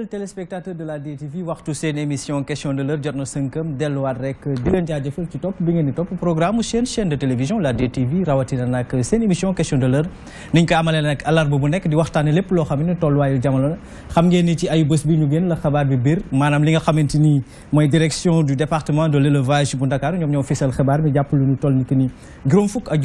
fidèles téléspectateurs de la DTV waxtu seen Emission question de l'heure jot 5e delluwaat rek di leen jaajëfal ci programme chaîne, chaîne de télévision la DTV rawatina nag seen émission question de l'heure Ninka Amalanak amalee nag àllarba bu nekk di waxtaane lépp loo xam la xam ngeen ni ci ay bés direction du département de l'élevage Bundakar, Dakar ñoom ñoo Tolnikini. xabaar bi jàpp lu ñu toll ni que ni juróom ak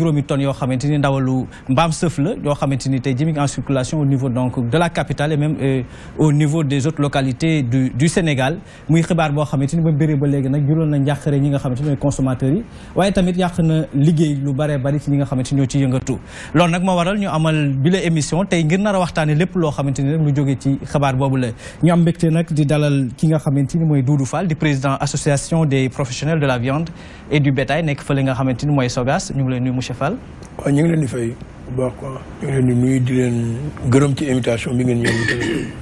Yo ni en circulation au niveau donc de la capitale et même euh, au niveau des les autres localités du du Sénégal muy xibar bo xamante ni ba béré ba légui nak juróon na njàqare ñi nga xamante ni consommateurs yi waye tamit yak na liggéey lu bare bari ci ñi nga xamante ni ñoo ci yëngatu loolu nag moo waral ñu amal bi la émission tay ngir nar a waxtaane lépp loo xamante ni lu joggé ci xibaar bobu la ñu am mbégte nag di dalal ki nga xamante ni mooy Doudou Fall di président association des professionnels de la viande et du bétail nek fële nga xamante ni mooy Sogas ñu ngi leen nuyu monsieur Fall waaw ñu ngi leen di fay bu quoi ñu ngi leen di nuyu di leen gërëm ci invitation bi ngeen ñëw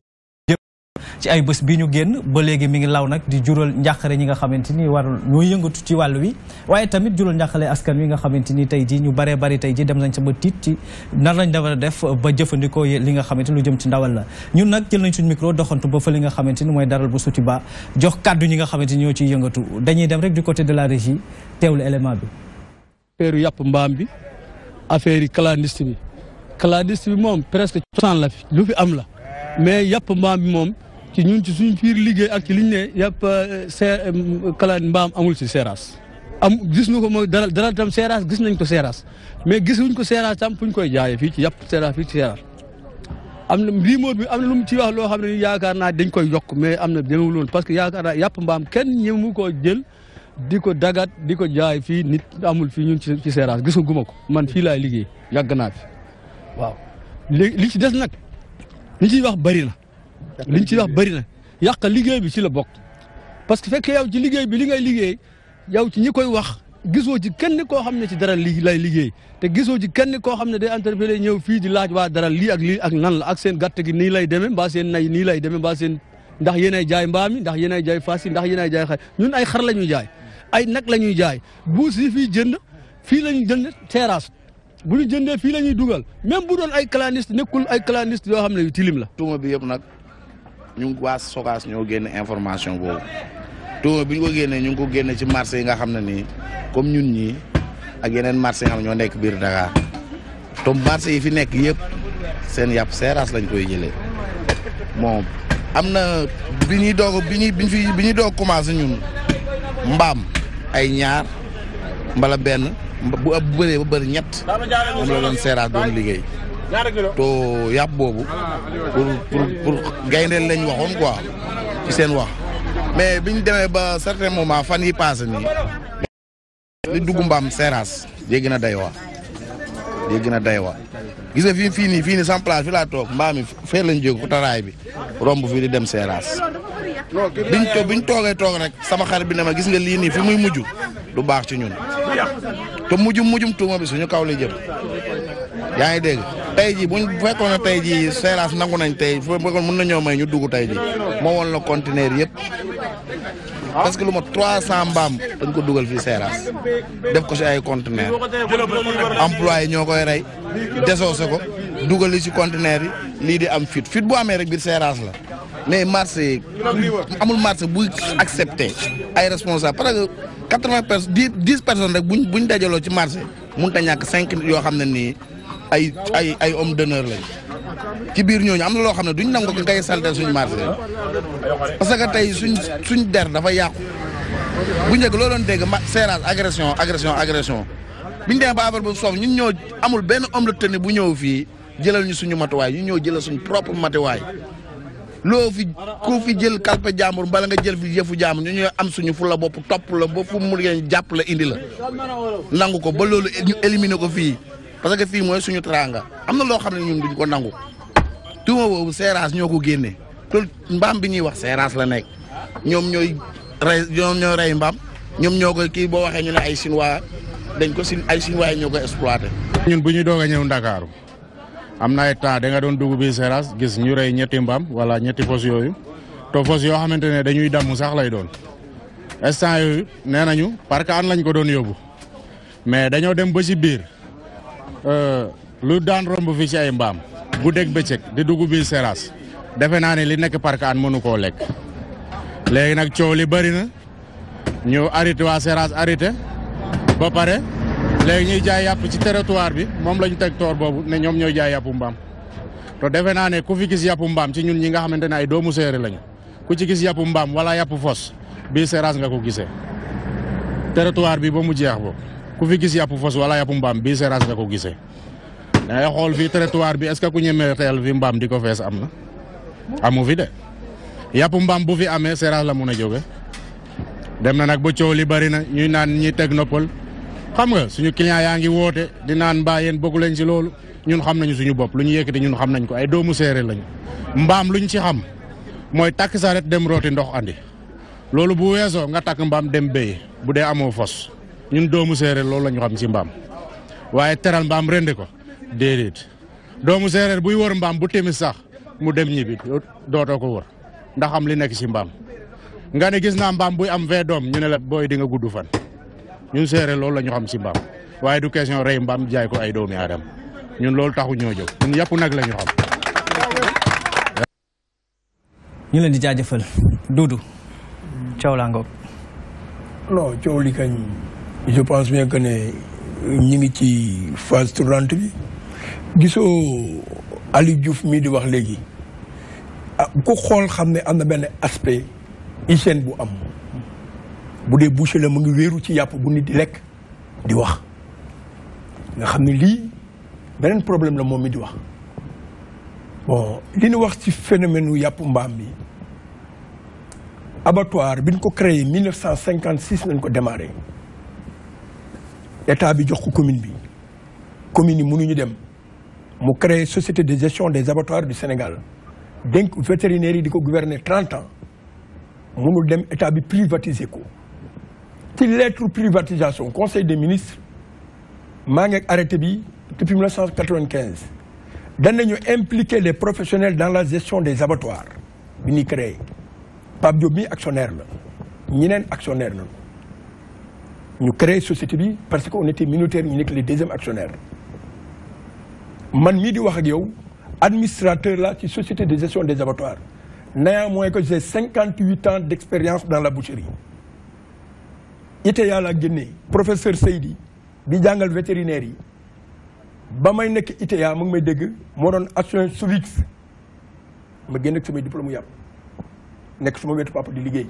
ci ay bëss bi ñu génn ba légui mi ngi law nak di jural njàqare ñi nga xamanteni war ñu yëngatu ci walu wi waye tamit jural njàqale askan wi nga xamanteni tay ji ñu baree bari tay ji dem nañ ci ba tit ci nar lañ dafa def ba jëfëndiko li nga xamanteni lu jëm ci ndawal la ñun nak jël nañ suñu micro doxantu ba fa li nga xamanteni moy daral bu suti ba jox kaddu ñi nga xamanteni ñoo ci yëngatu dañuy dem rek du côté de la régie teewlu élément bi affaire yap mbam bi affaire clandestine bi clandestine bi mom presque 100 la fi lu fi am la mais yap mbam bi mom ci ñun ci suñu biir liggéey ak ci liñ ne yàpp euh, seer euh, kalaan mbaam amul si seeraas am gis nu ko mooy daral daral tam seeraas gis nañ ko seeraas mais gisuñ ko seeraas tam fu ñu koy jaayee fii ci yàpp seeraas fii ci seeraas am na riimoor bi am lu mu ci wax loo xam ne yaakaar naa dañ koy yokk mais am na demewul woon que yaakaar naa yàpp mbaam kenn ñemu koo jël di ko dagat di ko jaay fii nit amul fii ñun ci seeraas gis guma ko man fii laay liggéey yàgg naa fi waaw li ci des nag li ciy wax bari na liñ ci wax bari na yàq liggéey bi ci la bokk parce que fekk yow ci liggéey bi li ngay liggéey yow ci ñi koy wax gisoo ci kenn koo xam ne ci dara lii lay liggéey te gisoo ci kenn koo xam ne day interpellé ñëw fii di laaj waa dara lii ak lii ak nan la ak seen gàtt gi nii lay demee mbaa seen nay nii lay demee mbaa seen ndax yéenay jaay mbaam yi ndax yéenay jaay fas yi ndax yéenay jaay xar ñun ay xar la ñuy jaay ay nag la ñuy jaay buus yi fii jënd fii la jënd terrasse bu ñu jëndee fii la ñuy dugal même bu doon ay clandestin nekkul ay clandestin yoo xam ne yu tilim la. tuuma bi yëpp nag ñu waa Sogas ñoo génne information boobu tuuma bi ñu ko génnee ñu ngi ko génne ci marché yi nga xam ne nii comme ñun ñii ak yeneen marché yi nga ñoo nekk biir Dakar tom marché yi fi nekk yëpp seen yap seeraas lañ koy jëlee bon am na bi ñuy doog bi ñuy bi fi bi ñuy doog commencé ñun mbaam ay ñaar mbala benn bu ëpp bëree ba bëri ñett la doon seeraas doon liggéey to yàpp boobu pour pour pour lañ waxoon quoi ci seen wax mais biñ demee ba certain moment fan paas ni nii li dugg mbaam seeraas jéggi na day waa jéggi na day wax gis nga fii fii nii fii nii sans place fi laa toog mbaam yi fee lañ jóg fu taraay bi romb fii di dem seeraas biñ to biñ toogee toog rek sama xarit bi ne ma gis nga lii nii fi muy mujj du baax ci ñun te mujjum mujjum tuuma bi suñu kaw lay jëm yaa ngi dégg tey jii buñ fekkoon ne tey jii nangu nañ tay fu fekkoon mën nañoo may ñu dugg tey jii moo woon la conteneur yépp parce que luma 300 mbam dañ ko duggal fi seeraas def ko ci ay conteneur employé ñoo koy rey ko duggal ci conteneur yi li di am fit fit bu amé rek bir seeraas la mais marché amul marché bu accepté ay responsable parce que 80 personnes 10 personnes rek buñ buñ dajaloo ci marché mën ta ñak 5 yo xamné ni ay ay ay homme d'honneur lañ ci biir ñooñu am na loo xam ne duñ nangu ko ngay saltel suñ marché parce que tey suñ suñ der dafa yàqu bu njëkk loo doon dégg ma serrage agression agression agression biñ demee ba affaire bu soof ñun ñoo amul benn homme de bu ñëw fii jëlal ñu suñu matuwaay ñu ñëw jëlal suñu propre matuwaay loo fi ku fi jël kalpe jàmbur mbala nga jël fi yëfu jàmbur ñu ñooy am suñu fu la bopp topp la ba fu mu ngeen jàpp la indi la nangu ko ba loolu ñu éliminer ko fii parce que fii mooy suñu tranga am na loo xam ne ñun duñ ko nangu tuuma boobu seeraas ñoo ko génne loolu mbaam bi ñuy wax seeraas la nekk ñoom ñooy rey ñoom ñooy mbaam ñoom ñoo ko kii boo waxee ñu ne ay chinois dañ ko si ay chinois ñoo ko exploité. ñun bu ñuy doog ñëw Ndakaaru am na ay temps da nga doon dugg bi seeraas gis ñu rey ñetti mbaam wala ñetti fos yooyu to fos yoo xamante ne dañuy damm sax lay doon instant yooyu nee nañu parce que an lañ ko doon yobu mais dañoo dem ba si biir. Eh, lu daan romb fi ci ay mbaam deg bëccëg di duggu bi Seras defé na ne li park an mënu ko lek légui nak ciow li bari na ñu arrêté wa Seras arrêté ba paré légui ñuy jaay yap ci territoire bi mom lañu tek tor bobu né ñom ñoy jaay yap mbam to defé na né ku fi gis yap mbam ci ñun ñi nga ay doomu séré lañu ku ci gis yap mbam wala yap fos bi Seras nga ko gisé territoire bi ba mu jeex ku ya pufos, wala ya pumbam bi mbaam bii seeraas nga ko gisee dangay xool fii trottoir bi est-ce ku ñemee teel di ko amna amu vide? de ya yàpp mbaam bu fi amee seeraas la mun a jóge dem na nag ba coow li bari na ñuy naan ñi Technopole xam nga suñu client yaa ngi woote di naan mbaa yéen bokku leen ci loolu ñun xam nañu suñu lu ñu ñun xam nañ ko ay doomu séeréer lañu mbaam luñ ci xam saret dem rooti ndox andi loolu bu ngatakem nga dembe, bude dem béy fos ñun doomu séeréer loolu la ñu xam si mbaam waaye teral mbaam rendi ko déedéet doomu séeréer buy wër mbaam bu timis sax mu dem ñibbi dootoo ko wër ndaxam li nekk ci mbaam nga ne gis naa mbaam buy am vingt doom ñu ne la booy di nga gudd fan ñun séeréer loolu la ñu xam si mbaam waaye du question rey mbaam jaay ko ay doomi aadama ñun loolu taxu ñoo jog ñun yàpp nag la ñu xam. ñu leen di jaajëfal Doudou. Coow laa ngoog. coow li kañ. je pense bien que ne ñi ngi phase tournante bi Ali Diouf mi di wax léegi ah, ku xool xam ne am aspect hygiène bu am bu dee la ngi wéeru ci yàpp bu nit lekk di wax nga xam ne lii problème la moom mi di wax li phénomène abattoir bi ko créé 1956 nañ ko démarré état a jox ko commune bi commune dem mu créé société de gestion des abattoirs du Sénégal donc vétérinaire diko trente ans mënul dem état bi privatiser ko ci lettre privatisation conseil des ministres m'a arrêté depuis 1995 danañu impliquer les professionnels dans la gestion des abattoirs bi créé pas actionnaires. mi actionnaire la actionnaire la nous créons société parce qu'on était minoritaire ñu nekk les deuxième actionnaire man mi di wax ak yow administrateur là ci société de gestion des abattoirs néanmoins que j'ai 58 ans d'expérience dans la boucherie ite la guéné professeur Seydi di jangal vétérinaire yi ba may nekk ITA mu ngi may dégg mo don assurance Sovix ma guéné ak samay diplôme yapp nek sama wetu papa di liggéey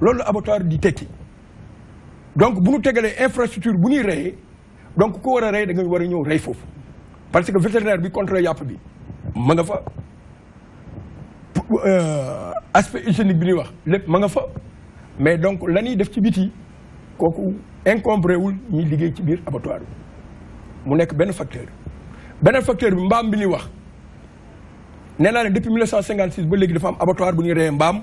loolu la abattoir di tekki donc bu ñu tegalee infrastructure bu ñuy reyee donc ko war a rey da nga war a ñëw rey foofu parce que vétérinaire bi contrôle yàpp bi ma nga fa euh, aspect hygiénique bi ñuy wax lépp ma nga fa mais donc la ñuy def ci biti kooku incompré wul ñuy liggéey ci biir abattoir bi mu nekk benn facteur beneen facteur bi mbaam bi ñuy wax nee naa ne depuis ba léegi dafa am abattoir bu ñuy reyee mbaam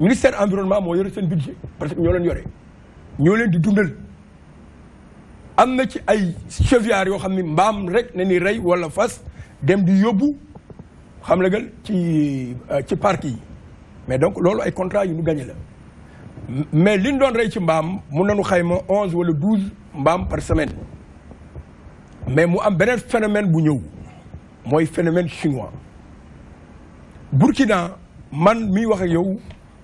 ministère environnement moo yore seen budget parce que ñoo leen yoré ñoo leen di dundal am na ci ay cheviards yo xamni mbam rek na ni rey wala fas dem di yobbu xam la gal ci euh, ci parc yi mais donc lolu ay contrat yu ñu gagné la mais li ñu doon ray ci mbam mu nañu xayma 11 wala 12 mbam par semaine mais mu am benen phénomène bu ñew moy phénomène chinois Burkina man mi wax ak yow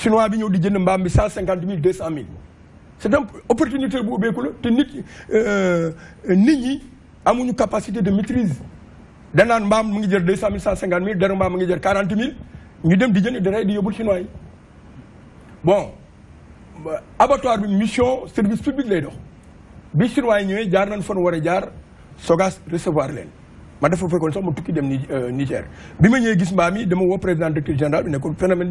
chinois bi ñëw di jënd mbaam bi cent cinquante mille deux cent mille c'est donc opportunité bu ubbeeku la te nit euh, nit ñi amuñu capacité de maîtrise danaan mbaam mu ngi jël de cent mille cent cinquante mille dara mbaam mu ngi jël quarante mille ñu dem di jënd di rey di yóbbul chinois bon abattoir bi mission service public lay dox bi chinois yi ñëwee jaar nañ fan war jaar sogas recevoir leen ma dafa fekkoon sax ma tukki dem euh, Niger bi ma ñëwee gis mbaam yi dama woo président directeur général bi ne ko phénomène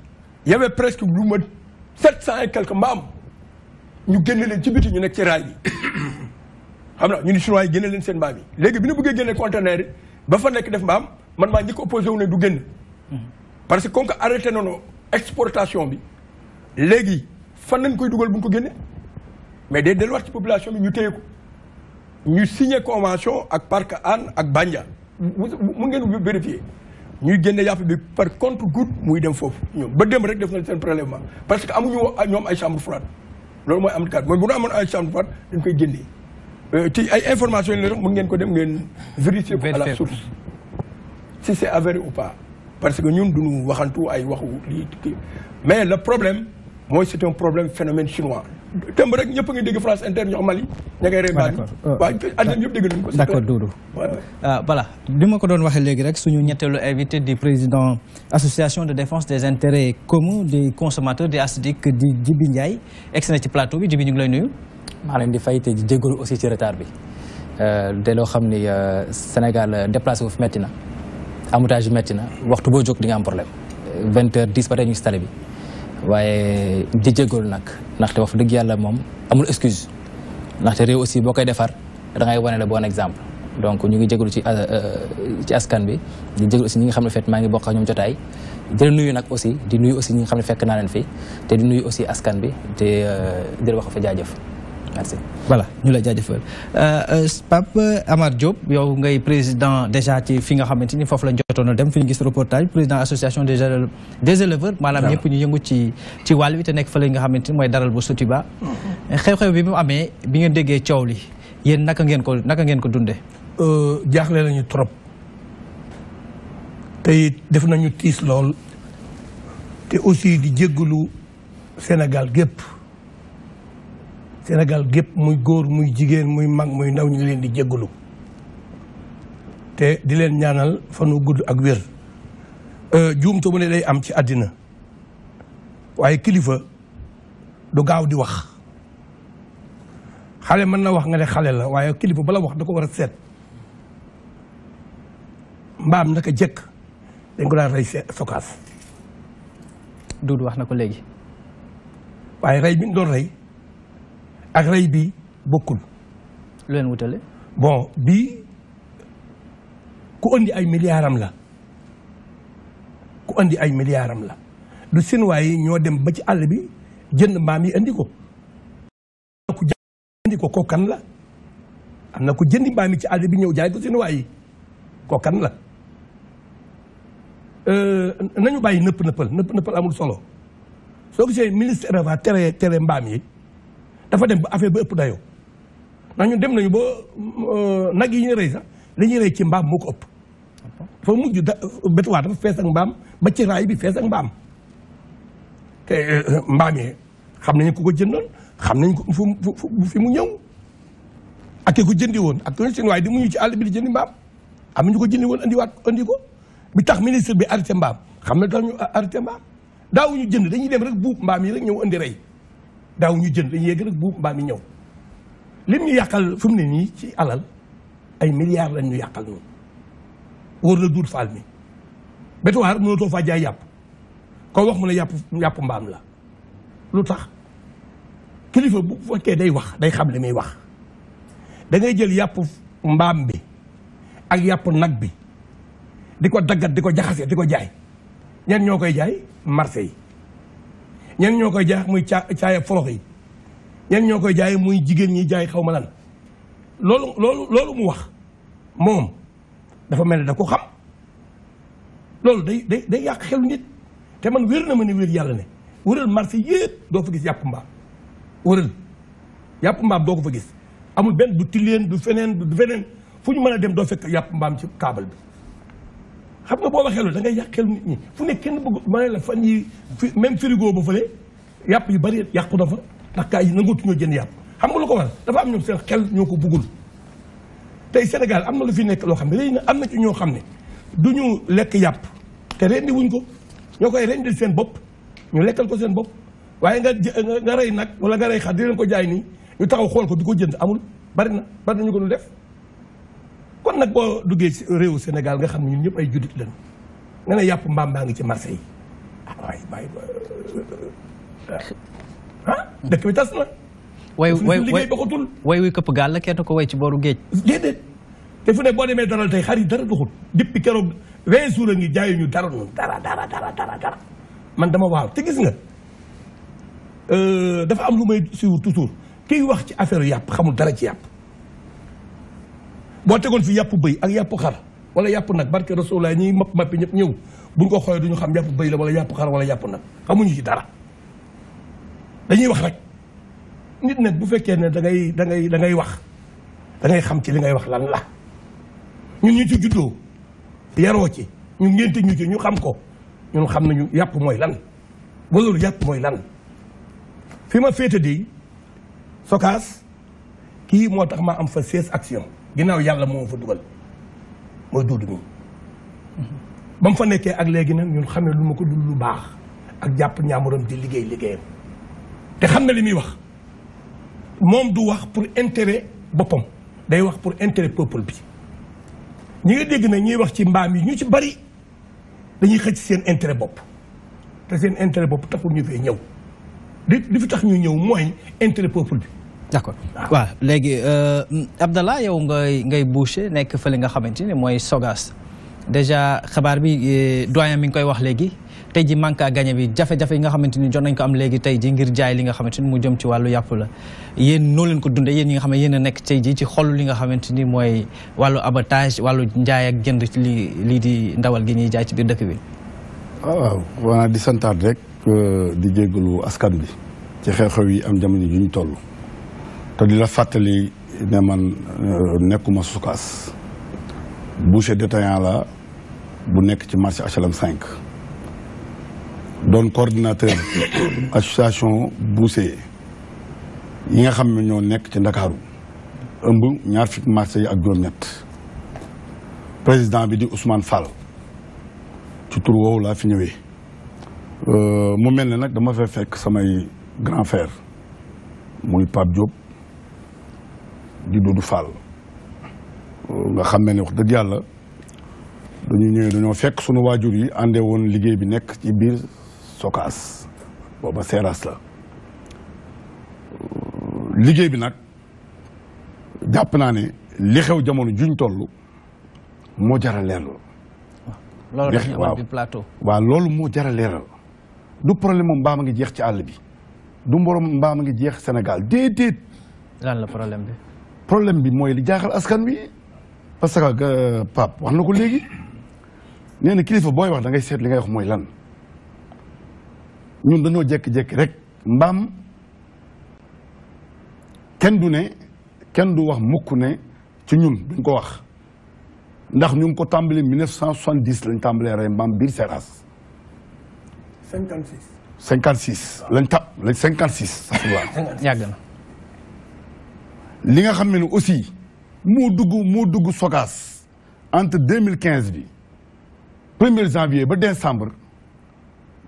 y avait presque lu ma sept cent et quelque mbaam ñu génne leen ci biti ñu nekk ci raay bi xam na ñu ni chinois yi leen seen mbaam yi léegi bi ñu bëggee génne conteneur yi ba fa nekk def mbaam man maa njëkk opposé wu ne du génn parce que comme que arrêté nañu exportation bi léegi fan nañ koy dugal bu ñu ko génne mais day delluwaat ci population bi ñu téye ko ñu signé convention ak Parc Hann ak Bandia mu ngeen vérifier Nous avons fait bi par contre goutte muy dem foofu ñoom ba prélèvement parce que nous avons ay chambre froide loolu mooy am kat mooy bu ñu avons ay chambre froide nous koy information y a ngeen vérifier à la source si c'est avéré ou pas parce que nous duñu waxantu ay mais le problème moi c'est un problème phénomène chinois temb rek ñëpp ngi dégg France Inter ñox Mali ña ngay rey ah, baal euh, waaw àddina ñëpp dégg nañ ko d'accord Doudou ah, voilà li ma ko doon waxee légui rek suñu ñettelu invité du président association de défense des intérêts communs des consommateurs des ASDIC di Djibi Ndiaye egg na ci plateau bi Djibi ñu ngi lay nuyu ma leen di fay te di jégalu aussi ci retard bi euh loo xam ni euh, Sénégal euh, déplacé wu metti na amoutage metti na waxtu bo jóg di nga am problème 20h 10 ba tey ñu si bi waaye di jégalu nag ndaxte wax dëgg yàlla moom amul excuse ndaxte réew aussi boo koy defar da ngay wane le bon exemple donc ñu ngi jégalu ci euh, euh, ci askan bi di jégalu aussi ñi nga xam ne fet maa ngi bokk ak ñoom jotaay di nuyu nag aussi di nuyu aussi ñi nga xam ne fekk naa leen fi te di nuyu aussi askan bi te euh, di wax fa jaajëf merci voilà ñu lay jaajëfal euh, euh, Pape Amar Diop yow ngay président déjà ci fi nga xamante ni foofu la jotoon a dem fi ñu gis reportage président association des des éleveurs maanaam ñëpp ñu yëngu ci ci wàll wi te nekk fële nga xamante ni mooy daral bu Sotiba xew-xew bi mu amee bi ngeen déggee coow li yéen naka ngeen ko naka ngeen ko dundee euh, jaaxle nañu trop te def nañu tiis lool te aussi di jéggulu Sénégal gépp Sénégal gépp muy góor muy jigéen muy mag muy ndaw ñu leen di jéggalu te di leen ñaanal fanu gudd ak wér euh, juumte mu ne day am ci àddina waaye kilifa du gaaw di wax xale mën na wax nga ne xale la waaye kilifa bala wax da ko war a seet mbaam naka jëkk dañ ko daan rey sokaas duudu wax na ko léegi waaye rey bi doon rey ak bi bokkul. lu leen wutale. bon bii ku andi ay milliardam la ku andi ay milliardam la du seen waaye ñoo dem ba ci àll bi jënd mbaam yi andi ko. am na ko kan la am na ku jëndi mbaam ci àll bi ñëw jaay ko seen waaye koo kan la euh, nañu bàyyi nëpp nëppal nëpp nëppal amul solo soo gisee ministère va tere tere mbaam yi. dafa dem ba affaire ba ëpp dayoo ndax dem nañu ba euh, nag yi ñu rëy sax li ñuy rëy ci mbaam moo ko ëpp. fa mujj da bétuwaat dafa fees ak mbaam ba ci raay bi fees mbaam te euh, mbaam yi xam nañu ko ko jëndoon xam nañ ko fu mu fi mu ñëw ak ko jëndi woon ak ñun seen waaye ci àll bi di jëndi mbaam ko jëndi woon andiwaat andi ko bi tax ministre bi arrêté mbaam xam na tax ñu arrêté mbaam daawuñu jënd dañuy dem rek buub mbaam yi rek ñëw andi rey. daaw ñu jën dañuy yegg rek buub mbaa mi ñëw lim ñu yàqal fu mu ne nii ci alal ay milliards lañ ñu yàqal ñun wóor na duut faal mi bétuwaar mënatoo faa jaay yàpp ko wax mu ne yàpp yàpp mbaam la lu tax kilifa bu fekkee day wax day xam li muy wax da ngay jël yàpp mbaam bi ak yàpp nag bi di ko daggat di ko jaxase di ko jaay ñan ñoo koy jaay marché yi ñenn ñoo koy jaay muy caa caaya forox yi ñoo koy jaay muy jigéen ñi jaay xaw ma lan loolu loolu loolu mu wax moom dafa mel ne da ko xam loolu day day day yàq xelu nit te man wér na ma ne wér yàlla ne wëral marché yëpp doo fa gis yàpp mbaam wëral yàpp mbaam doo ko fa gis amul benn du tilleen du feneen du feneen fu ñu mën a dem doo fekk yàpp mbaam ci kaabal bi xam nga boo waxee loolu da ngay yàq xelu nit ñi fu ne kenn bëgg ma ne la fan yi même frigo ba fële yàpp yi bari yàqu na fa ndax gaa yi nangutu ñoo jënd yàpp xam nga lu ko waral dafa am ñoom seen xel ñoo ko bëggul tey Sénégal am na lu fi nekk loo xam ne léegi nag am na ñoo xam ne du ñu lekk yàpp te rendi ko ñoo koy rendil seen bopp ñu lekkal ko seen bopp waaye nga nga rey nag wala nga rey xar di leen ko jaay nii ñu taxaw xool ko di ko jënd amul bari na bari na ñu ko dul def kon nag boo duggee réew Sénégal nga xam ne ñun ñëpp ay juddit la nga ne yàpp mbaam maa ngi ci marché yi ah waay waay euh, euh, euh, ah dëkk bi tas na. way way way këpp gaal la kenn ko way ci booru géej. déedéet boo demee daral tey xar yi dara doxut depuis keroog a ngi jaayuñu dara noonu dara dara dara dara man dama waaw te gis nga dafa am lu may suivre toujours kiy wax ci affaire yàpp xamul dara ci yàpp. boo tegoon fi yàpp bëy ak yàpp xar wala yàpp nag barke rasulullah ñuy mapp mappi ñëpp ñëw buñ ko xoolee duñu xam yàpp bëy la wala yàpp xar wala yàpp nag xamuñu ci dara dañuy wax rek nit nag bu fekkee ne dangay dangay da ngay wax da ngay xam ci li ngay wax lan la ñu ñu ci juddoo yaroo ci ñu ngénte ñu ci ñu xam ko ñun xam nañu yàpp mooy lan waloolu yàpp mooy lan fi ma féete di Sokaas kii moo tax ma am fa seize action ginnaaw yàlla moo fa dugal mooy mi ba fa nekkee ak léegi nag ñun xamee lu ko dul lu baax ak jàpp ñaamuram di liggéey liggéeyam te xam na wax moom du wax pour intérêt boppam day wax pour intérêt peuple bi ñi nga dégg na ñuy wax ci mbaam yi ñu ci bari dañuy xëcc seen intérêt bopp te seen intérêt bopp taxul ñu fee ñëw fi tax ñu ñëw mooy intérêt peuple bi d' accord waaw léegi euh, Abdallah yow ngay ngay boucher nekk fële nga xamante ni mooy Sogas dèjà xabaar bi euh, doyen mi ngi koy wax léegi tey ji manque à bi jafe-jafe yi nga xamante ni jot nañ ko am léegi tey ji ngir jaay li nga xamante ni mu jëm ci wàllu yàpp la yéen noo leen ko dundee yéen ñi nga xam ne yéen nekk tey ji ci xol li nga xamante ni mooy wàllu abatage wàllu njaay ak jënd ci li lii di ndawal gi ñuy jaay ci biir dëkk bi ah, waaw waaw di santaat rek euh, di jégalu yi am jamono toll te di la fàttali ne man euh, nekkuma Sokaas boucher détaillant la bu nekk ci marché HLM 5 doon coordinateur association boucher yi nga xam ne ñoo nekk ci Ndakaaru ëmb ñaar fukki marché yi ak juróom-ñett président bi di Ousmane Fall ci tur woowu laa fi ñëwee euh, mu mel ni nag dama fay fekk samay grand frère muy Pape Diop di dudu Fall nga xamé ni wax deug yalla dañu ñëw dañu fekk suñu wajur yi andé won liggéey bi nekk ci biir Sokaas booba séras la liggéey bi nak japp na né li xew jamono juñ tollu mo jara a leeral. loolu la ñu bi plateau. waaw loolu moo jar a du problème moom mbaam a ngi jeex ci all bi du mborom mbaam nga ngi jeex Sénégal dédé lan la problème bi problem bi moy li jaxal askan wi parce que euh, pap wax na ko léegi nee kilifa boy wax da ngay set li ngay wax moy lan ñun dañu jek jek rek mbam ken du ne ken du wax mukk ne ci ñun duñ ko wax ndax ñu ko tàmbali 1970 lañ tambalé ray mbam bir Seras. 56. 56 lañ tap lañ 56. yàgg li nga xamnel aussi mo dugg mo dugg socas entre 2015 bi 1er janvier ba décembre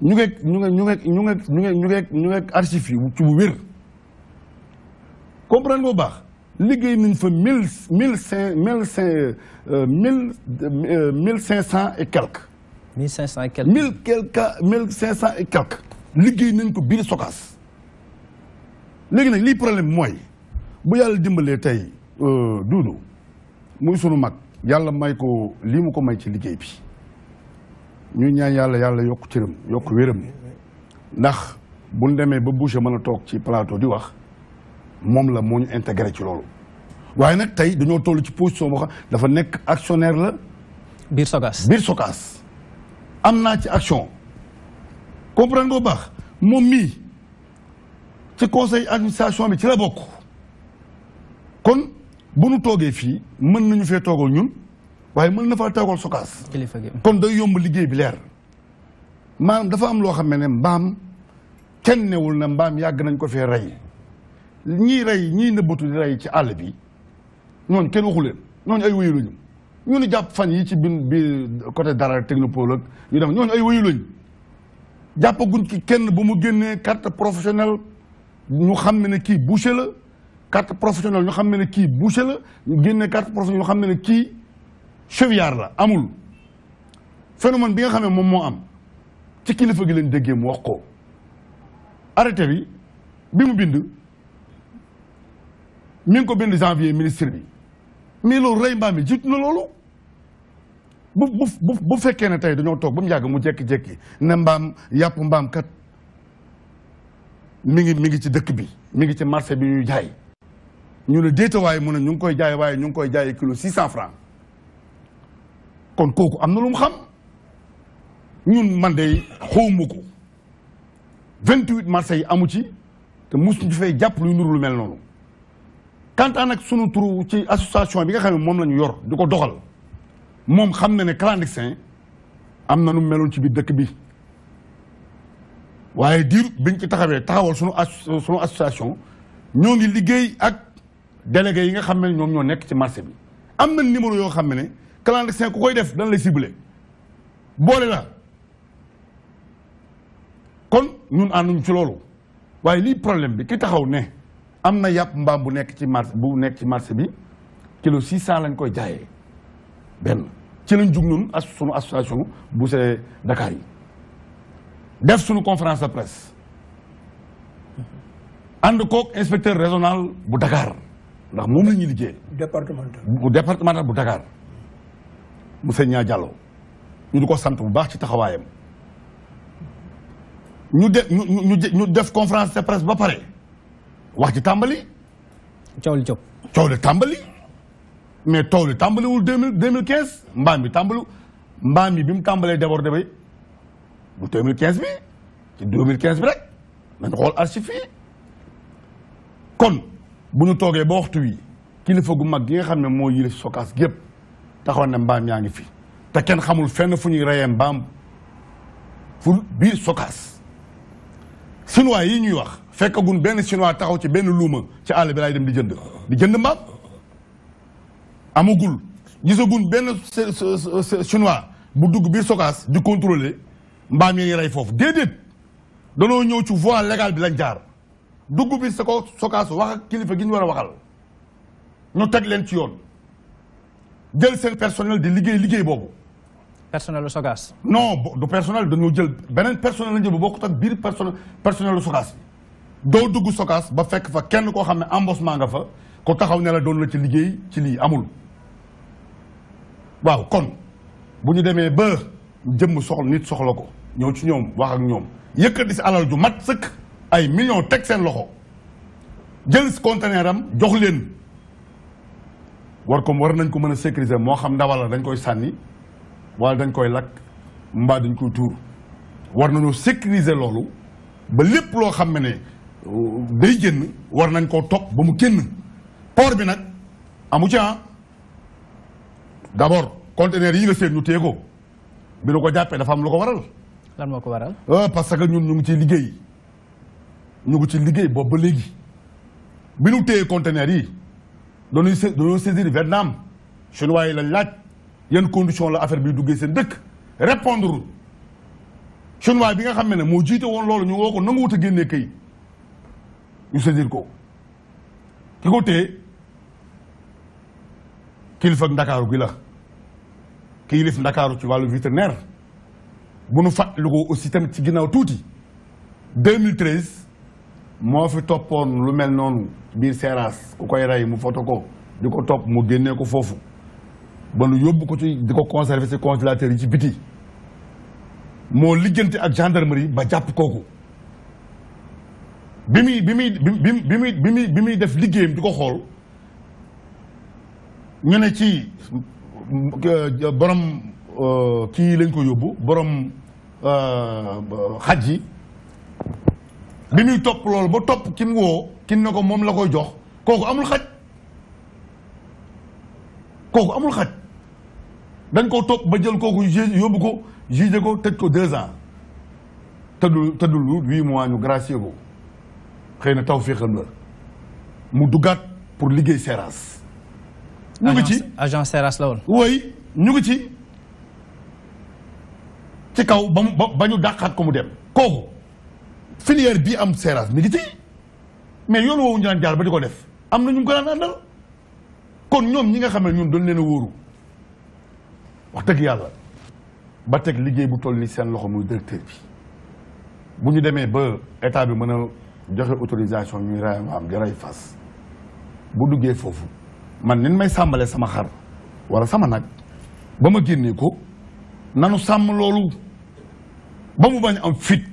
ñu ngue ñu ngue ñu ngue ñu ngue ñu vous archives yi mu ci mu wir comprendre lu bax liguey nign fa 1000 1500 1000 de 1500 et quelque 1500 et quelques. quelque 1500 et quelque liguey nign ko bi socas legui nak li problème moy bu yàlla dimbalee tey euh, duudu muy sunu mag yàlla may ko lii mu ko may ci liggéey bi ñu ñaan yàlla yàlla yokk cëram yokk wéram ndax buñ demee ba Boucher mën a toog ci plateau di wax moom la moo ñu intégré ci loolu waaye nag tey dañoo toll ci position boo xam dafa nekk actionnaire la biir Sogas biir am naa ci action comprendre nga baax moom mii ci conseil administration bi ci la bokk kon bu nu toogee fii mën nañu fee toogal ñun waaye mën na faa toogal sokaas kon day yomb liggéey bi leer maanaam dafa am loo xam ne mbaam kenn newul na mbaam yàgg nañ ko fee rey ñii rey ñii nëbbatu di rey ci àll bi ñooñ kenn waxu leen ay wéyu lañu ñu jàpp fan yi ci bin bi côté dara technopole ak ñu dem ñooñu ay wéyu jàppaguñ ci kenn bu mu génnee carte professionnelle ñu xam ne kii boucher la carte professionnelle ñu xam ne ne kii boucher la ñu génne carte professionnelle ñu xam ne ne kii chevillard la amul phénomène bi nga xam ne moom moo am ci kilifa gi leen déggee mu wax ko arrêté bi bi mu bind mi ngi ko bind janvier ministre bi mais loolu rey mbaam mi jiitu na loolu bu bu bu fekkee ne tey dañoo toog ba mu yàgg mu jékki-jékki ne mbaam yàpp mbaam kat mi ngi mi ngi ci dëkk bi mi ngi ci marché bi ñuy jaay ñu ne déeta waaye mu ne ñu ngi koy jaaye waaye ñu ngi koy jaayee kilo 600 francs kon kooku am na lu mu xam ñun man de xawma ko 28 mars yi amu ci te mosuñu fay jàpp luy nuru lu mel noonu. quant à nag sunu turu ci association bi nga xam ne moom lañu yor di ko doxal moom xam na ne clandestin am na nu meloon ci biir dëkk bi waaye diir biñ ci taxawee taxawal sunu sunu association ñoo ngi liggéey ak. délégué yi nga xam ne ñoom ñoo nekk ci marché bi am numéro yoo xam ne clandestin ku koy def dana lay ciblé la kon ñun ànduñ ci loolu waaye lii problème bi ki taxaw ne amna yap yàpp mbaam bu nekk ci marché bu nekk ci marché bi kilo six cent lañ koy jaayee benn ci lañ jug ñun as sunu association bu se Dakar yi def sunu conférence de presse kok koog inspecteur régional bu Dakar ndax mom la liggé liggéey. départemental bu départemental bu Dakar monsieur Niang Diallo ñu diko sante bu baax ci taxawayam ñu def ñu ñu def conférence de presse ba paré wax ci tambali coow li jóg coow li tàmbali mais coow li tàmbaliwul deux 2015 mbam bi tambalu mbam bi bimu tambalé débordé bay bu 2015 bi ci 2015 bi rek man xol archive kon. bu ñu toogee ba waxtu wi kilifa gu mag gi nga xam ne moo yilif sokaas gépp taxaw ne mbaam yaa ngi fi te kenn xamul fenn fu ñuy reyee mbaam fu biir sokaas chinois yi ñuy wax fekkagun benn chinois taxaw ci benn luuma ci àll bi laay dem di jënd di jënd mbaam amagul gisagun benn chinois bu dugg biir sokaas di contrôler mbaam yi ngi rey foofu déedéet danoo ñëw ci voie légale bi la jaar dugg bi sa ko sokaas wax ak kilifa gi ñu war a waxal ñu teg leen ci yoon jël seen personnel di liggéey liggéey boobu. personnel lu sokaas. non du personnel dañoo jël beneen personnel lañ jël bu bokkut ak biir personnel personnel lu sokaas bi doo dugg sokaas ba fekk fa kenn koo xam ne embossement nga fa ko taxaw ne la doon la ci liggéey ci lii amul. waaw kon bu ñu demee ba jëmm soxla nit soxla ko ñëw ci ñoom wax ak ñoom yëkkati si alal ju mat sëkk. ay million tek sen loxo jël conteneur am jox len war ko war nañ ko mën sécuriser mo xam ndawal la dañ koy sanni wala dañ koy lak mba dañ ko tour war nañu sécuriser lolu ba lepp lo xam ne euh, day jenn war nañ ko topp ba mu kenn port bi nak amu ci ah d'abord conteneur yi nga seen ñu téye bi lu ko jappé dafa am lu ko waral. lan moko waral euh parce que ñun ñu ngi ci liggéey. ñu ngi ci liggéey boobu ba léegi bi ñu téye conteneur yi dañuy sa dañoo saisir Vietnam chinois yi lañ laaj yan condition la affaire bii duggee seen dëkk répondre chinois bi nga xam ne moo jiite woon loolu ñu woo ko nanguwut a génnee kayit ñu saisir ko ki ko téye kilifa ndakaaru gi la kilif ndakaaru ci wàllu vétérinaire bu nu fàttaliku aussi tamit ci ginnaaw tuuti 2013 moo fi toppoon lu mel noonu biir seeraas ku koy rey mu foto ko di ko topp mu génnee ko foofu ba nu yóbbu ko ci di ko conserver ci congélateur yi ci biti moo liggante ak gendarmerie ba jàpp kooku bi muy bi muy bi muy bi muy bi muy def liggéeyam di ko xool ñu ne ci euh, borom euh, kii lañ ko yóbbu borom euh, xaj bi muy topp loolu ba topp kim woo kim ne ko moom la koy jox kooku amul xaj kooku amul xaj dañ ko topp ba jël kooku juge yóbbu ko juge ko tëj ko deux ans tëddul tëddul huit mois ñu gracier ko xëy na taw féexal la mu duggaat pour liggéey Seras. ñu ngi ci agent Seras la woon. ñu ngi ci ci kaw ba mu ba ñu dàqaat ko mu dem kooku. filière bii am seeraas mi ngi ci mais yoonu woowu ñu jaar ba di ko def am na ñu ko daan àndal kon ñoom ñi nga xam ne ñun doon leen a wóoru wax dëgg yàlla ba teg liggéey bu toll ni seen loxo muy directeur bi bu ñu demee ba état bi mën a joxe autorisation ñuy raay am di fas bu duggee foofu man nin may sàmbalee sama xar walla sama nag ba ma génnee ko nanu sàmm loolu ba mu bañ am fit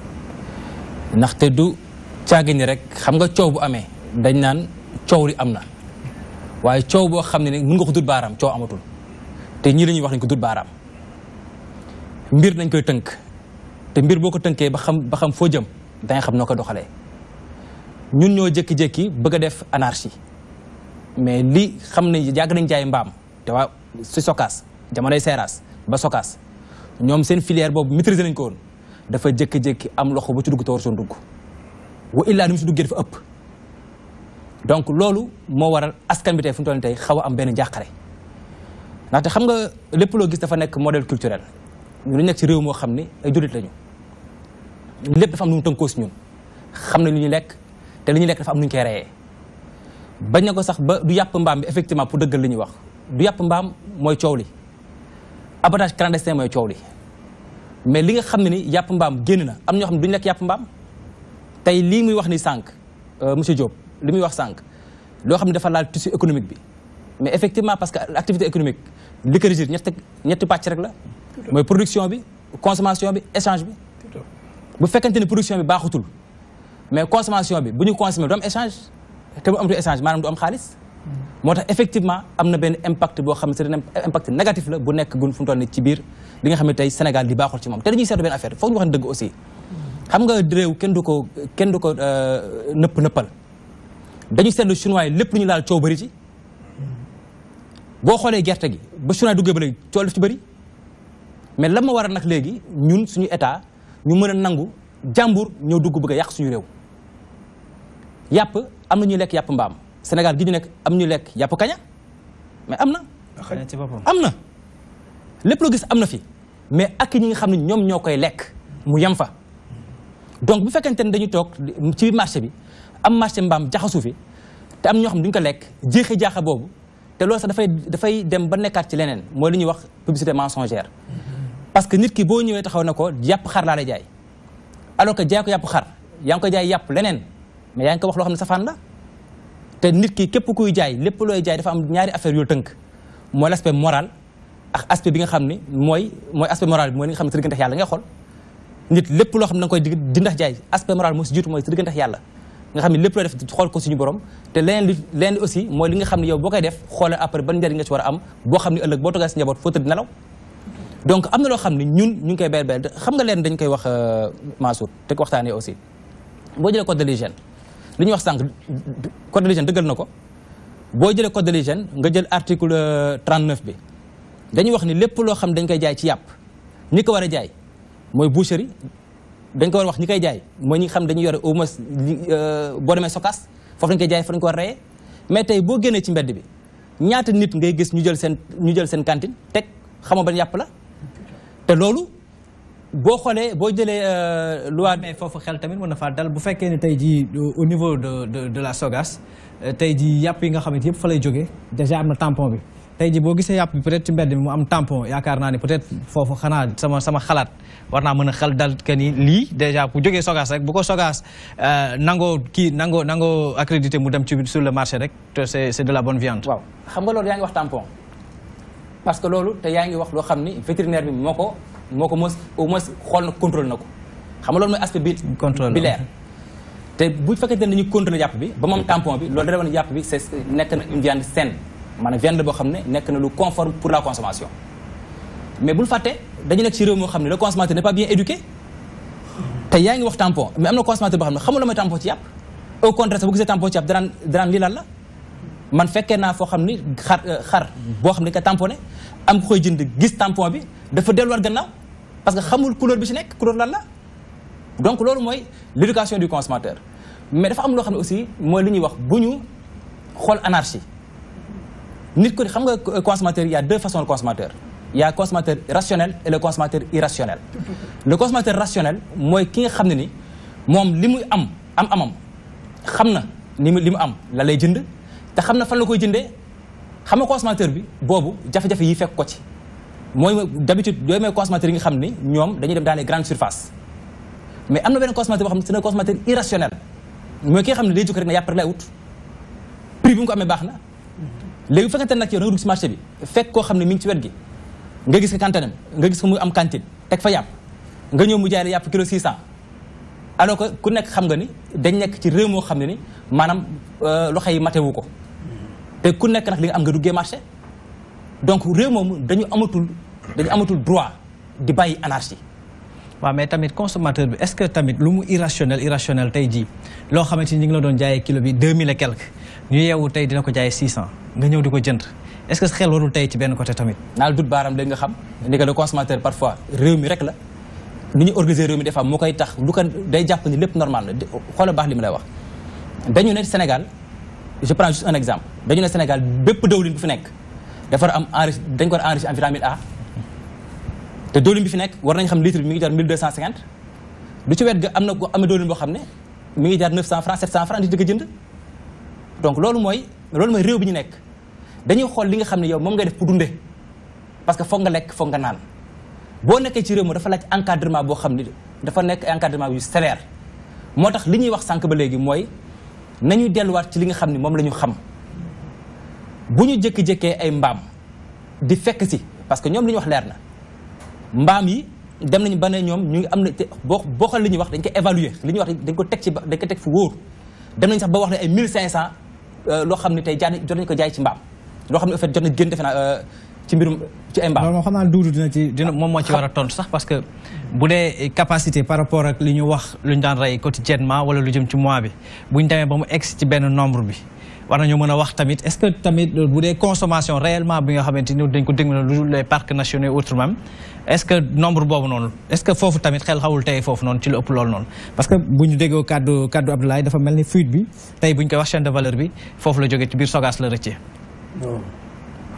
ndaxte du caagi ni rek xam nga coow bu amee dañ naan coow li am na waaye coow boo xam ne ne mën nga ko dut baaraam coow amatul te ñii lañuy ñuy wax nañ ko dut baaraam mbir nañ koy tënk te mbir boo ko tënkee ba xam ba foo jëm danga xam noo ko doxalee ñun ñoo jékki-jékki bëgg a def anarchie mais li xam ne yàgg nañ jaay mbaam te waa si sokaas jamonoy seeraas ba sokaas ñoom seen filière boobu maîtriser nañ ko dafa jékki-jékki am loxo bu ci dugg te war soon dugg wa illaa ni mu si duggee dafa ëpp donc loolu moo waral askan bi tey fu mu toll tey xaw a am benn njàqare ndaxte xam nga lépp loo gis dafa nekk modèle culturel ñu nekk ci réew moo xam ni ay jullit lépp dafa am nu mu si ñun xam nañ lu ñuy lekk te li ñu lekk dafa am nu koy reyee bañ na ko sax ba du yàpp mbaam bi effectivement pour dëggal li ñuy wax du yàpp mbaam mooy coow li abattage clandestin mooy coow li mais li nga xamné ni mbam génn am ñoo ne lek mbam tay li muy ni euh, Diop li muy wax dafa économique mais effectivement parce que l'activité économique li ko la production bi consommation bi échange bi bu une production bi mais consommation bi buñu consommer am échange te échange du am effectivement amna impact un impact négatif la bu nek gun fu tonni li nga xam ne tey Sénégal di baaxul ci moom te dañuy seetlu benn affaire foog ñu wax dëgg aussi xam nga réew kenn du ko kenn du ko euh, nëpp nëppal dañuy seetlu chinois lépp lu ñu laal coow bëri ci boo xoolee gerte gi ba chinois duggee ba léegi coow daf bëri mais lan ma war a nag léegi ñun suñu état ñu mën a nangu jàmbur ñëw dugg bëgg yàq suñu réew yàpp am na ñuy lekk yàpp mbaam Sénégal gi ñu am ñu lekk yàpp kaña mais am na am na lépp loo gis am na fi mais ak ñi nga xam ne ñoom ñoo koy lekk mu yem fa donc bu fekkente ne dañu toog ci marché bi am marché mbaam jaxasu fi te am ñoo xam ne ko lekk jeexe jaaxa boobu te loolu sax dafay dafay dem ba nekkaat ci leneen mooy li ñuy wax publicité mensongère parce que nit ki boo ñëwee taxaw na ko yàpp xar laa lay jaay alors que jaay ko yàpp xar yaa ngi ko jaay yàpp leneen mais yaa ngi ko wax loo xam ne safaan la te nit ki képp kuy jaay lépp looy jaay dafa am ñaari affaire yu tënk mooy l'aspect ak aspect bi nga xam ne mooy mooy aspect moral mooy li nga xam ne loo xam ne koy dindax jaay aspect moral moo si jiitu mooy sa diggantex yàlla nga xam ne lépp loo def xool ko suñu borom te leneen li aussi mooy li nga xam ne yow boo koy def xoolal après ban njariñ nga ci war a am boo xam ne ëllëg boo toogee si njaboot foo tëdd nelaw donc am na loo xam ne ñun ñu ngi koy bayal bayal xam nga leen dañ koy wax euh, Mansour te ko waxtaanee aussi boo jëlee code de l'hygiène li ñuy wax sànq code de l'hygiène dëggal na ko boo jëlee code de l'hygiène nga jël article 39 euh, bi dañuy wax ni lépp loo xam dañ koy jaay ci yàpp ñi ko war a jaay mooy boucherie dañ ko war a wax ñi koy jaay mooy ñi xam dañuy yore au moins euh, boo demee sokaas foofu dañ koy jaay fa dañ ko war mais tey boo génnee ci mbedd bi ñaata nit ngay gis ñu jël seen ñu jël seen cantine teg xamoo ban yàpp la te loolu boo xoolee boo jëlee euh, loi mais foofu xel tamit mën na fa dal bu fekkee ne tey jii euh, au niveau de de de la Sogas tey jii yàpp yi nga xam ne yëpp fa lay jógee déjà am na tempon bi tey ji boo gisee yàpp bi peut être mbedd mi mu am tampon yaakaar naa ne peut être foofu xanaa sama sama xalaat war naa mën a xel dal que ni lii dèjà bu jógee Sogas rek bu ko Sogas euh, nangoo kii nangoo nangoo accrédité mu dem ci sur le marché rek te c'est c'est de la bonne viande. waaw wax tampon parce que loolu te yaa ngi wax loo xam ni vétérinaire bi moo ko moo ko mos au moins xool na contrôle na ko xam nga loolu mooy aspect bi. bi leer te bu fekkee ne dañuy contrôler yàpp bi ba moom tampon bi loolu da doon yàpp bi c'est nekk na une viande saine. maanaam viande boo xam ne nekk na lu conforme pour la consommation mais bul fàtte dañu nekk ci réew moo xam ne le consommateur n'est pas bien éduqué te yaa ngi wax tampon mais am consommateur boo xam ne xamul la mooy tampon ci yàpp au contraire sax bu gisee tampon ci yàpp danaan danaan lii lan la man fekkee naa foo xam ni xar euh, xar boo ne ka tamponné am ko koy jënd gis tampon bi dafa delluwaat gannaaw parce que xamul couleur bi ci nekk couleur lan la donc loolu mooy l'éducation du consommateur mais dafa am loo xam aussi mooy li ñuy wax bu ñu anarchie nit ko xam nga consommateur il y a deux façons de consommateur il y a consommateur rationnel et le consommateur irrationnel le consommateur rationnel moy ki nga xam ne ni am am amam xamna ni limu am la lay jënd te xamna fan la koy jëndé xam consommateur bi bobu jafé jafé yi fekk ko ci moy d'habitude yooyu mooy consommateur yi nga xam ni dañuy dem dans les grandes surfaces mais am ben consommateur bo xam c'est un consommateur irrationnel moy ki xamni xam ne day jóg rek ne yàpp rek lay wut prix bu ko amee na léegi bu fekkente nag yow da nga bi fekk koo xam ne mi ngi ci wet gi nga gis ko nga gis am cantine teg fa nga ñëw mu jaay la yàpp kilo 600 alors que ku nekk xam nga ni dañ nekk ci réew moo xam ne ni maanaam euh, loxo yi matewu ko te ku nekk nag li nga am nga duggee marché donc réew moomu dañu amatul dañu amatul droit di bàyyi anarchie waaw mais tamit consommateur bi est-ce que tamit lu mu irrationnel irrationnel tay jii lo xamante ni ñu la doon jaay kilo bi 2000 et quelque ñu yewu tay dina ko jaay 600 nga ñew diko ko jënd est-ce que xel warul tay ci ben côté tamit. dal dut baram léegi nga xam ni que le consommateur parfois réew mi rek la ni ñu organiser réew mi des fois moo koy tax lu kan day japp ni lepp normal la xoola baax li mu lay wax. dañu ne Sénégal je prends juste un exemple dañu ne Sénégal bép dawlin bu fi nek dafa am enrichi dañ ko war en vitamine A. te diwlin bi fi nek war nañ xam litre bi mi ngi jar 1250 du ci wet ga amna ko amé diwlin bo xamné mi ngi jar 900 francs 700 francs di ko jënd donc loolu moy loolu moy réew bi ñu nek dañuy xol li nga xamné yow mom nga def pour dundé parce que fo nga lek fo nga naan bo nekkee ci réew mi dafa laaj encadrement bo xamné dafa nekk encadrement yu salaire motax li ñuy wax sank ba légui moy nañu wat ci li nga xamné mom lañu xam buñu jëk jékki ay mbam di fekk ci parce que ñom li ñu wax leer na mbaam yi dem nañ bané ñom ñu ngi am na te li ñuy wax dañ ko évaluer li ñuy wax dañ ko tek ci dañ ko tek fu wóor dem nañ sax ba wax ne ay 1500 lo xamni tay tey jot nañ ko jaay ci mbam lo xamni ne en fait jot nañ génn defe euh, ci mbirum ci ay mbaam. loolu xam naa dina ci dina ah, moom moo ci wara a ah. tontu sax parce que bu dee capacité par rapport ak li ñu wax lu ñu daan rey quotidiennement wala lu jëm ci mois bi buñ démé ba mu ex ci benn nombre bi. war nañoo mën a wax tamit est-ce que tamit bu dee consommation réellement bi nga xamante ni dañ ko déglu lu dul les parcs nationaux et est-ce que nombre boobu noonu est-ce que foofu tamit xel xawul tey foofu noonu ci lu ëpp loolu noonu. parce que bu ñu déggoo kàddu kàddu Abdoulaye dafa mel ni fuite bi tey bu koy wax chaîne de valeur bi foofu la jógee ci biir Sogas la rëccee.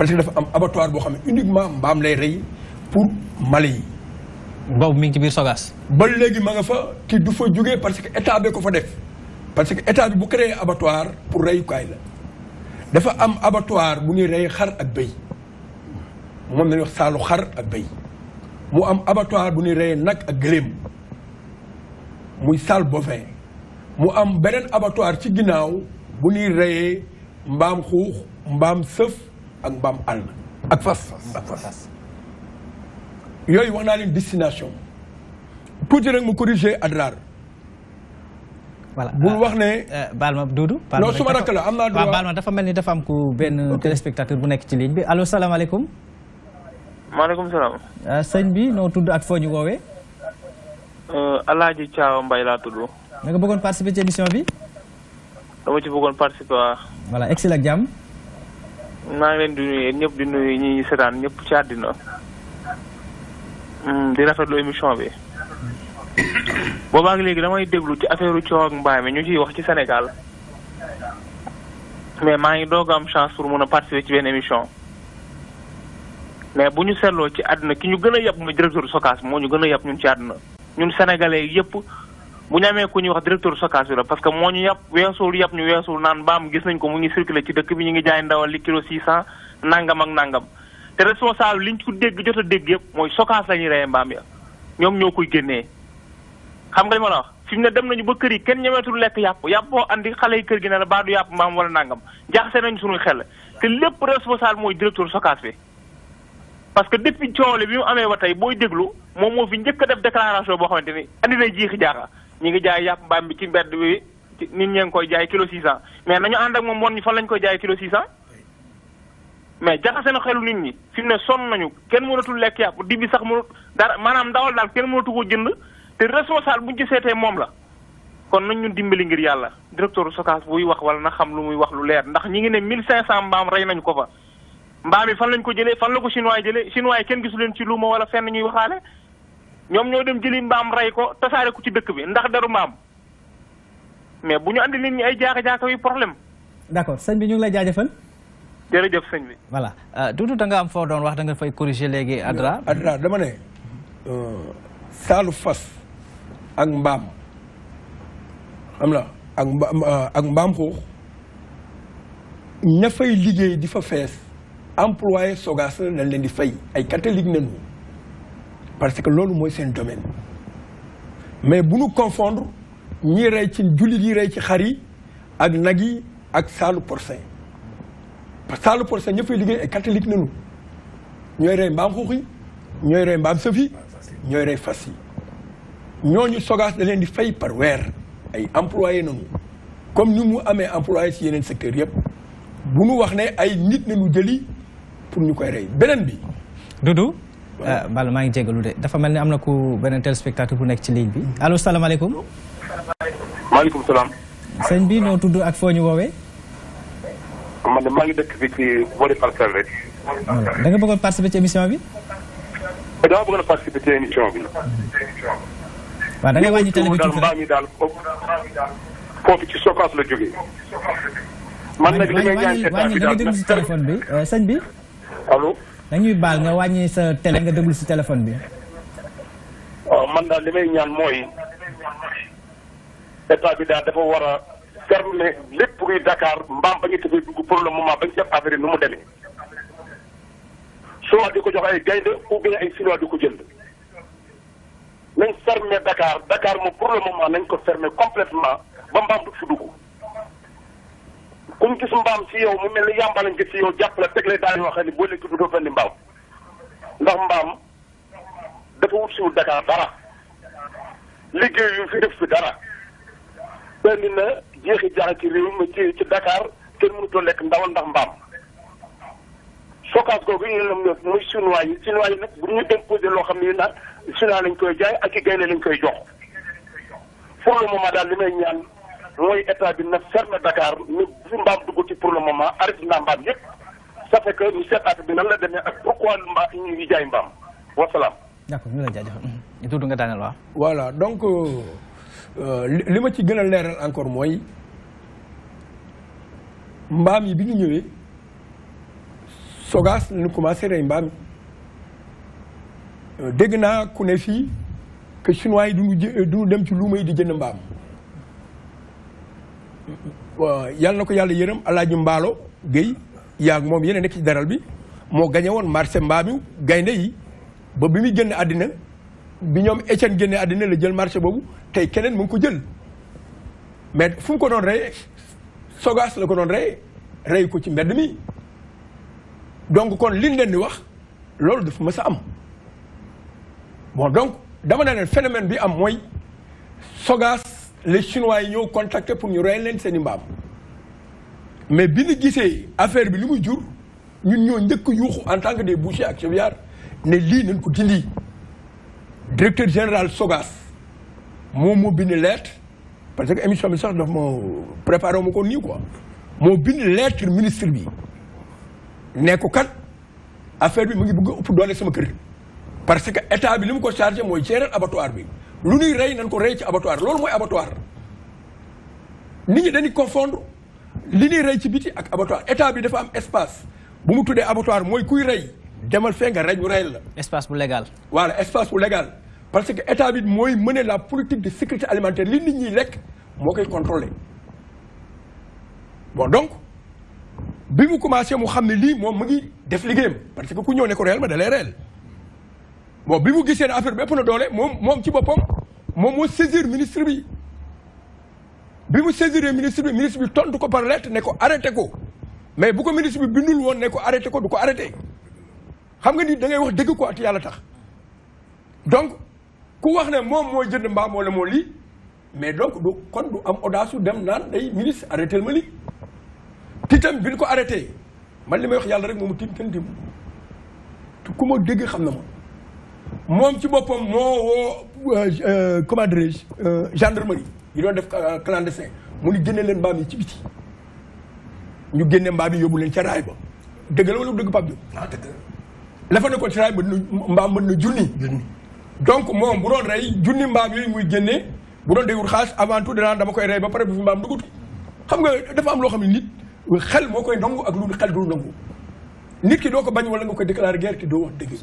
parce que dafa am abattoir boo xam ne uniquement mbaam lay rey pour mala yi. boobu mi ngi ci biir Sogas. ba léegi ma nga fa te du fa jógee parce que état bee ko fa def parce que état bi bu créé abattoir pour reyukaay la dafa am abattoir bu ñuy rey xar ak béy moom la ñuy wax saalu xar ak béy mu am abattoir bu ñuy reyee nag ak gëléem muy saal bovin mu am beneen abattoir ci ginnaaw bu ñuy reyee mbaam xuux mbaam sëf. ak mbaam àll ak fas ak fas yooyu wax naa leen destination tuuti rek mu corriger Adrar voilà bul wax ne. Euh, euh, baal ma Doudou. non suma rakk la am naa. waaw baal ma dafa mel ni dafa am ku benn téléspectateur bu nekk ci ligne bi allo salaamaaleykum. maaleykum salaam. Euh, sëñ bi noo tudd ak foo ñu woowee. laa tudd. nga bëggoon participer ci émission bi. dama ci bëggoon participer voilà jàmm. maa ngi leen di nuyu ñëpp di nuyu ñu seetaan ñëpp ci àddina mm, di rafetlu émission bi. boobaak léegi damay déglu ci affaire coow ak mbaay mi ñu ciy wax ci senegal mais maa ngi doog am chance pour mun a participer ci benn émission mais bu ñu seetloo ci àdduna ki ñu gën a yàpp mooy directeur Sokaas moo ñu gën a yàpp ñun ci àdduna ñun sénégalais yëpp bu ñu amee ku ñuy wax directeur Sokasu la parce que moo ñu yàpp weesuwul yàpp ñu weesuwul naan baam gis nañ ko mu ngi circulé ci dëkk bi ñu ngi jaay ndawal li kilo six cent nangam ak nangam te responsable liñ ko dégg jot a dégg yëpp mooy Sokas la reyee mbaam ya ñoom ñoo koy génnee xam nga li ma la wax fi mu ne dem nañu ba kër yi kenn ñemeetul lekk yàpp yàpp boo andi xale yi kër gi na la baa du yàpp mbaam wala nangam jaaxase nañ suñu xel te lépp responsable mooy directeur Sokas bi parce que depuis coole bi ba tey booy déglu moom moo fi njëkk a def déclaration boo xamante ni andi na jiixi ñi ngi jaay yàpp mbaam bi ci mbedd bi nit ñee ngi koy jaay kilo 600 mais nañu ànd ak moom woon ñu fan lañ koy jaay kilo 600 mais jaxase na xelu nit ñi fi mu ne sonn nañu kenn mënatul lekk yàpp di sax mënut dara maanaam ndawal daal kenn mënatu ko jënd te responsable bu ci seetee moom la. kon nañ ñu dimbali ngir yàlla directeur Sokaas buy wax wala na xam lu muy wax lu leer ndax ñi ngi ne 1500 mbaam rey nañu ko fa. mbaam yi fan ko jëlee fan la ko ñoom ñoo dem jëli mbaam rey ko tasaare ko ci dëkk bi ndax deru mbaam mais bu ñu andi nit ñi ay jaaka-jaaka yu problème. d'accord sëñ bi ñu ngi lay jaajëfal. jërëjëf sëñ bi. voilà euh, Doudou da nga am foo doon wax da nga fay corriger léegi Adra. Adra dama ne. Euh, saalu fas ak mbaam xam na ak mbaam euh, ak mbaam xuux ña fay liggéey di fa fees employé Sogas lañ leen di fay ay catholique nañu. parce que loolu moy sen domaine mais bu ñu confondre ñi rey ci jullit yi rey ci xari ak nagui ak salu porcin parce que saalu porcin ñëpp fay liggéey ay catholique nañu ñoy rey mbaam xuux yi ñooy rey mbaam sëf yi ñooy rey fas yi da leen di fay par weer ay employé nañu comme ni mu amé employé ci yeneen secteur yépp bu ñu wax né ay nit nañu jëli pour ñu koy rey beneen bi Doudou Ah, Balla maa ngi jégalu de dafa mel ni am na ku beneen téléspectateur bu nekk ci ligne bi allo salaamaaleykum. maaleykum salaam. sëñ bi noo tudd ak foo ñu woowee. man maa ngi dëkk ah, participer ci émission bi. dama bëggoon participer ci émission bi. waaw da bi da nga déglu bi eh, sëñ dañuy baal nga wàññi sa télé nga déglu si téléphone bi. waaw oh, man daal li may ñaan mooy état bi daal dafa war a fermer lépp luy Dakar mbaam ba ñu tëbee dugg pour le moment ba ñu def affaire nu mu demee. chinois di ko jox ay gaynde ou bien ay chinois di ko jënd nañ fermer dakaar dakaar moom pour le moment nañ ko fermer complètement ba mbaam du fi dugg. ku gis mbaam ci yow mu mel ni yàmba gis ci yow jàpp la teg la daal yoo xam ne boo lekk du doo fenn mbaam ndax mbaam dafa wut si Dakar dara liggéey yu fi def fi dara benn na jeexi jara ci réew mi ci lekk ndawal ndax mbaam sokaas googu loo xam ne na lañ koy jaay ak i gaynde lañ koy jox pour le moment daal li may ñaan mooy état bi na ferme Dakar ne bu mbaam dugg ci pour le moment arrêté naa mbaam yëpp ça fait que ñu seet bi nan la demee ak pourquoi mba ñu ngi jaay mbaam wasalaam. voilà donc euh, euh, li ma ci gën a leeral encore mooy mbaam yi bi ñu ñëwee Sogas la ñu commencé rey mbaam yi euh, dégg naa ku ne fii que chinois yi du ñu dem ci luuma yi di jënd mbaam. yàlla na ko yàlla yërëm alaaji mbaalo géy yaag moom yéen a nekk ci daral bi moo gañe woon marché mbaami gaynde yi ba bi muy génn àddina bi ñoom Etienne génne àddina la jël marché boobu tey keneen mu ko jël mais fu mu ko doon rey sogaas la ko doon rey rey ko ci mbedd mi donc kon liñ leen di wax loolu dafa mës a am bon donc dama ne leen phénomène bi am mooy sogaas les chinois yi ñoo contacté pour ñu rey leen seen i mbaam mais bi ñu gisee affaire bi li muy jur ñun ñoo njëkk yuuxu en tant que des bouchers ak chevillards ne lii nañ ko dindi directeur général Sogas moom moo bind lettre parce que émission bi sax daf ma préparé ma ko nii quoi moo bind lettre ministre bi ne ko kat affaire bi mu ngi bëgg a doole sama kër parce que état bi li mu ko chargé mooy gérer abattoir bi Nous avons rey nañ abattoir l'autre abattoir nit ñi confondre abattoir espace bu mu abattoir vous kuy rey demal vous espace bu légal. voilà espace bu légal parce que l'État bi mener la politique de sécurité alimentaire li nit ñi bon donc bi mu commencé mu xam parce que ku ne ko bon bi mu gisee ne affaire bi ëpp na doole moom moom ci boppam moom moo saisir ministre bi bi mu saisir ministre bi ministre bi tontu ko par lettre ne ko arrêté ko mais bu ko ministre bi bindul woon ne ko arrêté ko du ko arrêté xam nga ni da ngay wax dëgg ko at yàlla tax donc ku wax ne moom moo jënd mbaam wala moo lii mais donc du kon du am audace dem naan day ministre arrêté ma lii titam bi ñu ko arrêté man li may wax yàlla rek moomu tim kenn tim ku ma dégg xam na ma moom ci boppam moo woo comment dirais je gendarmerie yi doon def euh, clandestin mu ni génne leen mbaam yi ci biti ñu génne mbaam yi yóbbu leen ca raay ba dëgg la wala dëgg Pape ah, ci raay ba mbaam mën na junni. donc moom bu doon rey junni mbaam yooyu muy génne bu doon déglu xaalis avant tout danaa dama koy rey ba pare bu fi mbaam dugut xam nga dafa am loo xam ne nit xel moo koy nangu ak lu xel du nangu nit ki doo ko bañ wala nga koy déclarer guerre ki doo wax dëgg.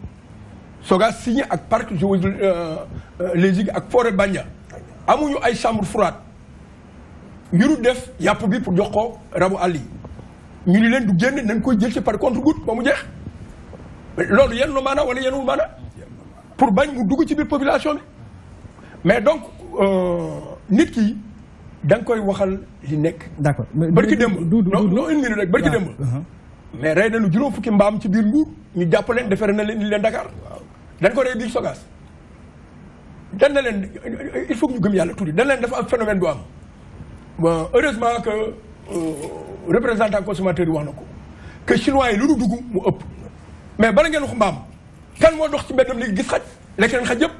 Soga signé ak parc je euh, euh, les Ziguinchor ak Forêt Bandia amuñu ay chambre froide yu ñu def yàpp bi pour jox ko rabu alli ñu ni leen du génn nañ koy jël ci par contre goutte ba mu jeex loolu yenn na maana wala yenwul maana pour bañ mu dugg ci biir population mais donc euh, nit ki da koy waxal li nekk. d'accord barki démb. du du non une minute rek barki ah, démb. Uh-huh. mais rey nañu juróom fukki mbaam ci biir nguur ñu jàpp leen defaree na leen ni leen Dakar. dañ ko rey biir Sogas dañ na leen il faut que ñu gëm yàlla tuuti dañ leen dafa am phénomène bu am bon heureusement que euh, représentant consommateur yi wax na ko que chinois yi lu nu dugg mu ëpp mais bala ngeen wax mbaam kan moo dox ci mbeddam léegi gis xaj lekk leen xaj yëpp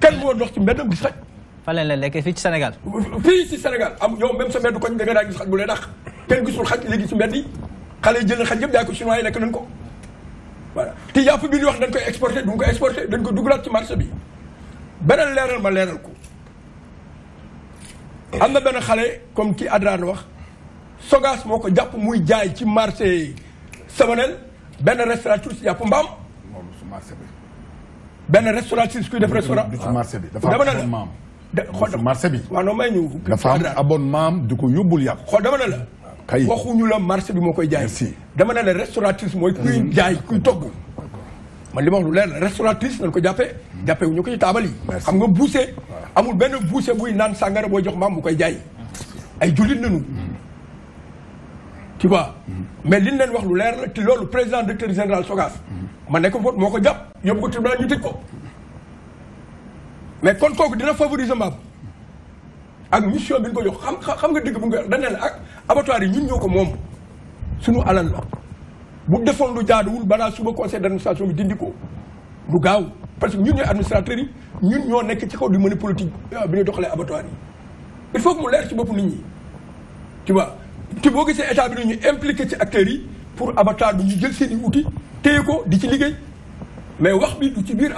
kan moo dox ci mbeddam gis xaj fa leen leen lekkee fii ci Sénégal fii ci Sénégal am yow même sa mbedd koñ da nga daa gis xaj bu lay dàq kenn gisul xaj léegi ci mbedd xale jël na xaj yëpp jaay ko chinois yi lekk nañ ko voilà te yàpp bi ñu wax dañ koy exporté du ñu ko exporté dañ ko dugalaat ci marché bi beneen leeral ma leeral ko eh. am na benn xale comme ki Adraan wax Sogas moo ko jàpp muy jaay ci marché Sabanel benn restauratrice yàpp mbaam benn restauratrice kuy def restaurant du ci marché bi dafa am maam. xool bi waaw may ñu dafa am abonnement du ko yóbbul yàpp xool dama ne la kay waxuñu la marché bi moo koy jaay. dama ne la restauratrice mooy. kuy mm-hmm. jaay kuy togg. man li ma wax lu leer la restauratrice nañ ko jàppee. jàppee wu ñu ko ci taabal yi. xam nga boucher. amul benn boucher buy naan sàngara booy jox maam mu koy jaay. ay jullit nañu. tu vois mm-hmm. mais liñ leen wax lu leer la te loolu président directeur général Sogas. Mm-hmm. ma nekk foofu moo ko jàpp yóbbu ko tribunal ñu tëj ko. mais kon kooku dina favoriser maam. ak mission bi ñu ko jox xam xam nga dëgg bu nga dañ ne ak abattoir yi ñun ñoo ko moom suñu alal la bu defoon lu jaaduwul balaa suba conseil d'administration bi dindi ko mu gaaw parce que ñun ñooy administrateurs yi ñun ñoo nekk ci kaw di mën a politique euh, bi ñuy doxalee abattoir yi il faut mu leer ci bopp nit ñi tu boo gisee état bi ñu impliqué ci acteurs yi pour abattoir bi ñu jël seen i outil téye ko di ci liggéey mais wax bi du ci biir ab